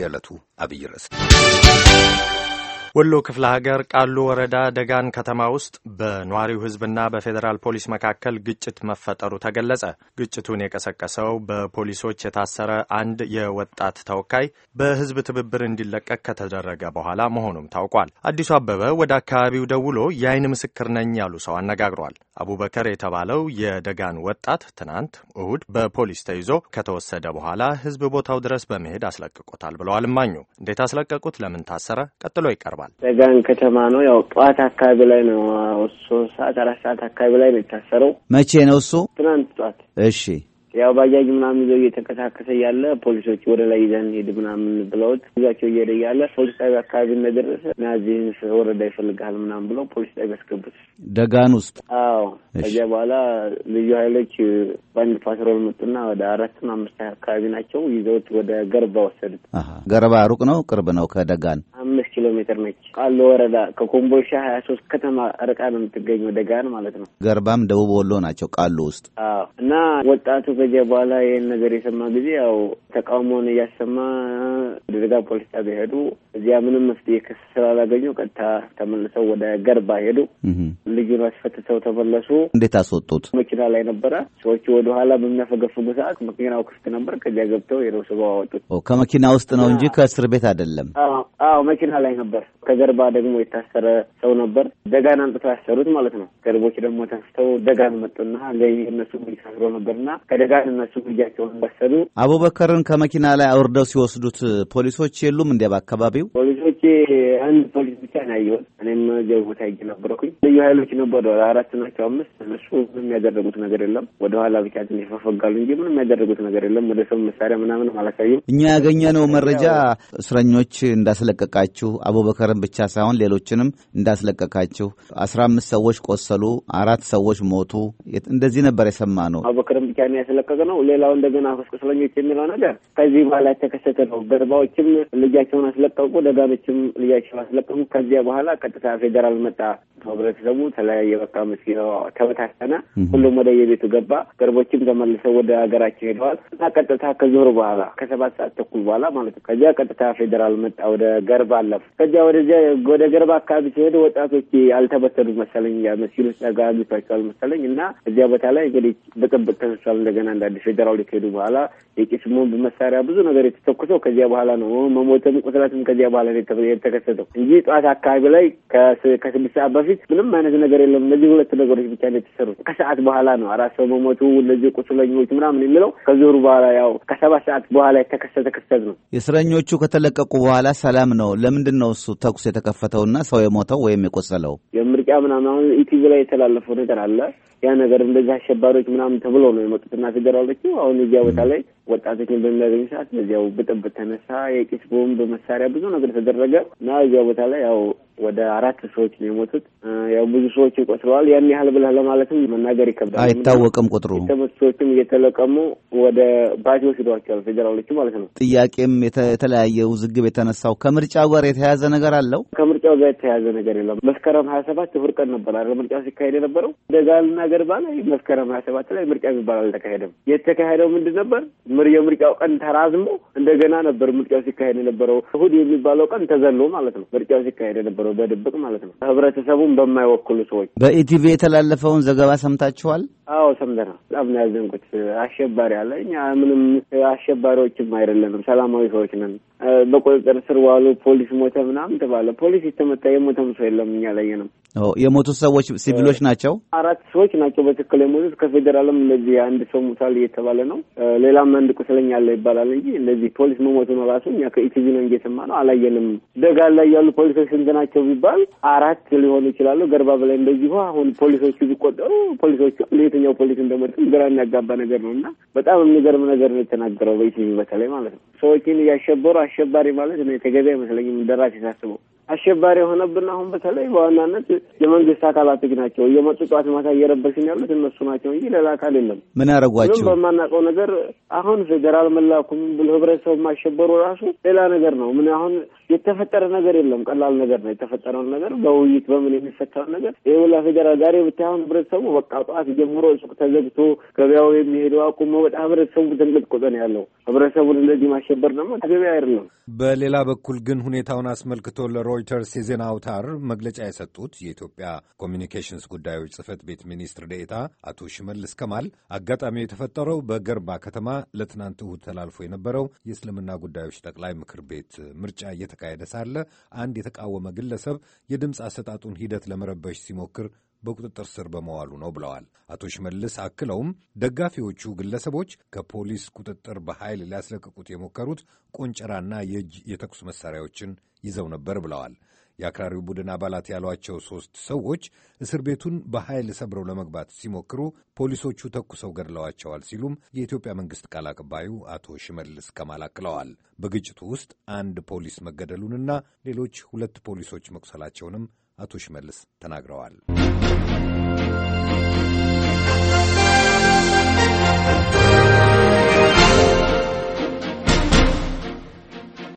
የዕለቱ አብይ ርዕስ ወሎ ክፍለ ሀገር ቃሉ ወረዳ ደጋን ከተማ ውስጥ በነዋሪው ሕዝብና በፌዴራል ፖሊስ መካከል ግጭት መፈጠሩ ተገለጸ። ግጭቱን የቀሰቀሰው በፖሊሶች የታሰረ አንድ የወጣት ተወካይ በሕዝብ ትብብር እንዲለቀቅ ከተደረገ በኋላ መሆኑም ታውቋል። አዲሱ አበበ ወደ አካባቢው ደውሎ የአይን ምስክር ነኝ ያሉ ሰው አነጋግሯል። አቡበከር የተባለው የደጋን ወጣት ትናንት እሁድ በፖሊስ ተይዞ ከተወሰደ በኋላ ሕዝብ ቦታው ድረስ በመሄድ አስለቅቆታል ብለዋል እማኙ። እንዴት አስለቀቁት? ለምን ታሰረ? ቀጥሎ ይቀርባል። ታስሯል። ሰጋን ከተማ ነው። ያው ጠዋት አካባቢ ላይ ነው ሶስት ሰዓት አራት ሰዓት አካባቢ ላይ ነው የታሰረው። መቼ ነው እሱ? ትናንት ጠዋት። እሺ ያው ባጃጅ ምናምን ይዘው እየተንቀሳቀሰ እያለ ፖሊሶች ወደ ላይ ይዘን ሄድ ምናምን ብለውት ይዛቸው እየሄደ እያለ ፖሊስ ጣቢያ አካባቢ እንደደረሰ ናዚህን ወረዳ ይፈልግሃል ምናምን ብለው ፖሊስ ጣቢያ ያስገቡት ደጋን ውስጥ። አዎ ከዚያ በኋላ ልዩ ኃይሎች በአንድ ፓትሮል መጡና ወደ አራትና አምስት አካባቢ ናቸው ይዘውት ወደ ገርባ ወሰዱት። ገርባ ሩቅ ነው ቅርብ ነው ከደጋን? ኪሎ ሜትር ነች። ቃሉ ወረዳ ከኮምቦልቻ ሀያ ሶስት ከተማ ርቃ ነው የምትገኘው ደጋን ማለት ነው። ገርባም ደቡብ ወሎ ናቸው ቃሉ ውስጥ እና ወጣቱ ከዚያ በኋላ ይህን ነገር የሰማ ጊዜ ያው ተቃውሞውን እያሰማ ደጋ ፖሊስ ጣቢያ ሄዱ። እዚያ ምንም መፍትሄ ክስ ስላላገኙ ቀጥታ ተመልሰው ወደ ገርባ ሄዱ። ልጁን አስፈትተው ተመለሱ። እንዴት አስወጡት? መኪና ላይ ነበረ። ሰዎቹ ወደ ኋላ በሚያፈገፍጉ ሰዓት መኪናው ክፍት ነበር። ከዚያ ገብተው ሄደው ስበው አወጡት። ከመኪና ውስጥ ነው እንጂ ከእስር ቤት አይደለም። አዎ መኪና ላይ ላይ ነበር። ከጀርባ ደግሞ የታሰረ ሰው ነበር። ደጋን አንጥተው ያሰሩት ማለት ነው። ገርቦች ደግሞ ተንስተው ደጋን መጡና እነሱ ጉድ ታስሮ ነበርና ከደጋን እነሱ ጉዳያቸውን ወሰዱ። አቡበከርን ከመኪና ላይ አውርደው ሲወስዱት ፖሊሶች የሉም እንዲያ በአካባቢው ፖሊሶ ልጆቼ አንድ ፖሊስ ብቻ ነው ያየሁት። እኔም እዚያው ቦታ ሄጄ ነበርኩኝ። ልዩ ኃይሎች ነበሩ አራት ናቸው አምስት። እነሱ ምንም ያደረጉት ነገር የለም። ወደ ኋላ ብቻ ትንሽ ፈፈጋሉ እንጂ ምንም ያደረጉት ነገር የለም። ወደ ሰው መሳሪያ ምናምን አላሳዩም። እኛ ያገኘነው መረጃ እስረኞች እንዳስለቀቃችሁ፣ አቡበከርን ብቻ ሳይሆን ሌሎችንም እንዳስለቀቃችሁ፣ አስራ አምስት ሰዎች ቆሰሉ፣ አራት ሰዎች ሞቱ፣ እንደዚህ ነበር የሰማ ነው። አቡበከርን ብቻ ነው ያስለቀቅ ነው። ሌላው እንደገና እስረኞች የሚለው ነገር ከዚህ በኋላ የተከሰተ ነው። ገርባዎችም ልጃቸውን አስለቀቁ ደጋኖች ሌሎችም ልጃቸው አስለቀቁ። ከዚያ በኋላ ቀጥታ ፌዴራል መጣ። ህብረተሰቡ ተለያየ። በቃ መስኪናው ተበታተነ። ሁሉም ወደ የቤቱ ገባ። ገርቦችም ተመልሰው ወደ ሀገራቸው ሄደዋል እና ቀጥታ ከዞር በኋላ ከሰባት ሰዓት ተኩል በኋላ ማለት ነው ከዚያ ቀጥታ ፌዴራል መጣ። ወደ ገርባ አለፉ። ከዚያ ወደዚያ ወደ ገርባ አካባቢ ሲሄዱ ወጣቶች አልተበተዱ መሰለኝ መስኪን ውስጥ አግኝቷቸዋል መሰለኝ እና እዚያ ቦታ ላይ እንግዲህ ብጥብጥ ተነሷል። እንደገና እንዳዲስ ፌዴራል ከሄዱ በኋላ የቂስ ቦምብ መሳሪያ ብዙ ነገር የተተኩሰው ከዚያ በኋላ ነው። መሞትም ቁስለትም ከዚያ በኋላ የተከሰተው እንጂ ጠዋት አካባቢ ላይ ከስድስት ሰዓት በፊት ስለዚህ ምንም አይነት ነገር የለም። እነዚህ ሁለት ነገሮች ብቻ ነው የተሰሩት። ከሰዓት በኋላ ነው አራት ሰው መሞቱ፣ እነዚህ ቁስለኞች ምናምን የሚለው ከዞሩ በኋላ ያው ከሰባት ሰዓት በኋላ የተከሰተ ክስተት ነው። የእስረኞቹ ከተለቀቁ በኋላ ሰላም ነው። ለምንድን ነው እሱ ተኩስ የተከፈተውና ሰው የሞተው ወይም የቆሰለው? የምርጫ ምናምን አሁን ኢቲቪ ላይ የተላለፈው ነገር አለ ያ ነገር እንደዚህ አሸባሪዎች ምናምን ተብሎ ነው የመጡትና ትገራለችው አሁን እዚያ ቦታ ላይ ወጣቶችን በሚያገኝ ሰዓት እዚያው ብጥብጥ ተነሳ፣ የቂስ ቦምብ መሳሪያ ብዙ ነገር ተደረገ እና እዚያው ቦታ ላይ ያው ወደ አራት ሰዎች ነው የሞቱት። ያው ብዙ ሰዎች ቆስለዋል። ያን ያህል ብለህ ለማለትም መናገር ይከብዳል። አይታወቅም ቁጥሩ። የተመቱ ሰዎችም እየተለቀሙ ወደ ባቲ ወስደዋቸዋል ፌዴራሎቹ ማለት ነው። ጥያቄም የተለያየ ውዝግብ የተነሳው ከምርጫው ጋር የተያዘ ነገር አለው። ከምርጫው ጋር የተያያዘ ነገር የለም። መስከረም ሀያ ሰባት እሑድ ቀን ነበር አይደል ምርጫው ሲካሄድ የነበረው። ደጋልና ገርባ ላይ መስከረም ሀያ ሰባት ላይ ምርጫ የሚባል አልተካሄደም። የተካሄደው ምንድን ነበር የምርጫው ቀን ተራዝሞ እንደገና ነበር ምርጫው ሲካሄድ የነበረው። እሁድ የሚባለው ቀን ተዘሎ ማለት ነው ምርጫው ሲካሄድ የነበረው በድብቅ ማለት ነው፣ ህብረተሰቡን በማይወክሉ ሰዎች። በኢቲቪ የተላለፈውን ዘገባ ሰምታችኋል? አዎ ሰምተናል። በጣም ነው ያዘንኩት። አሸባሪ አለ። እኛ ምንም አሸባሪዎችም አይደለንም፣ ሰላማዊ ሰዎች ነን። በቁጥጥር ስር ዋሉ፣ ፖሊስ ሞተ ምናምን ተባለ። ፖሊስ የተመታ የሞተም ሰው የለም። እኛ ላይ ነው የሞቱት ሰዎች ሲቪሎች ናቸው። አራት ሰዎች ናቸው በትክክል የሞቱት። ከፌዴራልም እንደዚህ አንድ ሰው ሙታል እየተባለ ነው። ሌላም አንድ ቁስለኛ አለ ይባላል እንጂ እንደዚህ ፖሊስ መሞቱ ነው ራሱ እኛ ከኢቲቪ ነው እንጂ የሰማነው አላየንም። ደጋ ላይ ያሉ ፖሊሶች ስንት ናቸው ቢባል አራት ሊሆኑ ይችላሉ። ገርባ በላይ እንደዚሁ አሁን ፖሊሶቹ ቢቆጠሩ ፖሊሶቹ ለየትኛው ፖሊስ እንደሞትም ግራ የሚያጋባ ነገር ነው እና በጣም የሚገርም ነገር ነው የተናገረው በኢቲቪ በተለይ ማለት ነው። ሰዎችን እያሸበሩ አሸባሪ ማለት ተገቢ አይመስለኝም። ደራሽ ሳስበው አሸባሪ የሆነብን አሁን በተለይ በዋናነት የመንግስት አካላት ናቸው እየመጡ ጠዋት ማታ እየረበሽን ያሉት እነሱ ናቸው እንጂ ሌላ አካል የለም። ምን አረጓቸው በማናውቀው ነገር አሁን ፌዴራል መላኩም ብሎ ህብረተሰቡ ማሸበሩ ራሱ ሌላ ነገር ነው። ምን አሁን የተፈጠረ ነገር የለም። ቀላል ነገር ነው የተፈጠረውን ነገር በውይይት በምን የሚፈታውን ነገር ይሁላ ፌዴራል ዛሬ ብታይ አሁን ህብረተሰቡ በቃ ጠዋት ጀምሮ ሱቅ ተዘግቶ ገበያው የሚሄደው አቁሞ በጣም ህብረተሰቡ ተንቀጥቅጦ ነው ያለው። ህብረተሰቡን እንደዚህ ማሸበር ደግሞ ተገቢ አይደለም። በሌላ በኩል ግን ሁኔታውን አስመልክቶ ለሮ ለሮይተርስ የዜና አውታር መግለጫ የሰጡት የኢትዮጵያ ኮሚኒኬሽንስ ጉዳዮች ጽህፈት ቤት ሚኒስትር ዴኤታ አቶ ሽመልስ ከማል አጋጣሚው የተፈጠረው በገርባ ከተማ ለትናንት እሁድ ተላልፎ የነበረው የእስልምና ጉዳዮች ጠቅላይ ምክር ቤት ምርጫ እየተካሄደ ሳለ አንድ የተቃወመ ግለሰብ የድምፅ አሰጣጡን ሂደት ለመረበሽ ሲሞክር በቁጥጥር ስር በመዋሉ ነው ብለዋል። አቶ ሽመልስ አክለውም ደጋፊዎቹ ግለሰቦች ከፖሊስ ቁጥጥር በኃይል ሊያስለቅቁት የሞከሩት ቆንጨራና የእጅ የተኩስ መሳሪያዎችን ይዘው ነበር ብለዋል። የአክራሪው ቡድን አባላት ያሏቸው ሦስት ሰዎች እስር ቤቱን በኃይል ሰብረው ለመግባት ሲሞክሩ ፖሊሶቹ ተኩሰው ገድለዋቸዋል ሲሉም የኢትዮጵያ መንግሥት ቃል አቀባዩ አቶ ሽመልስ ከማል አክለዋል። በግጭቱ ውስጥ አንድ ፖሊስ መገደሉንና ሌሎች ሁለት ፖሊሶች መቁሰላቸውንም አቶ ሽመልስ ተናግረዋል። Thank you.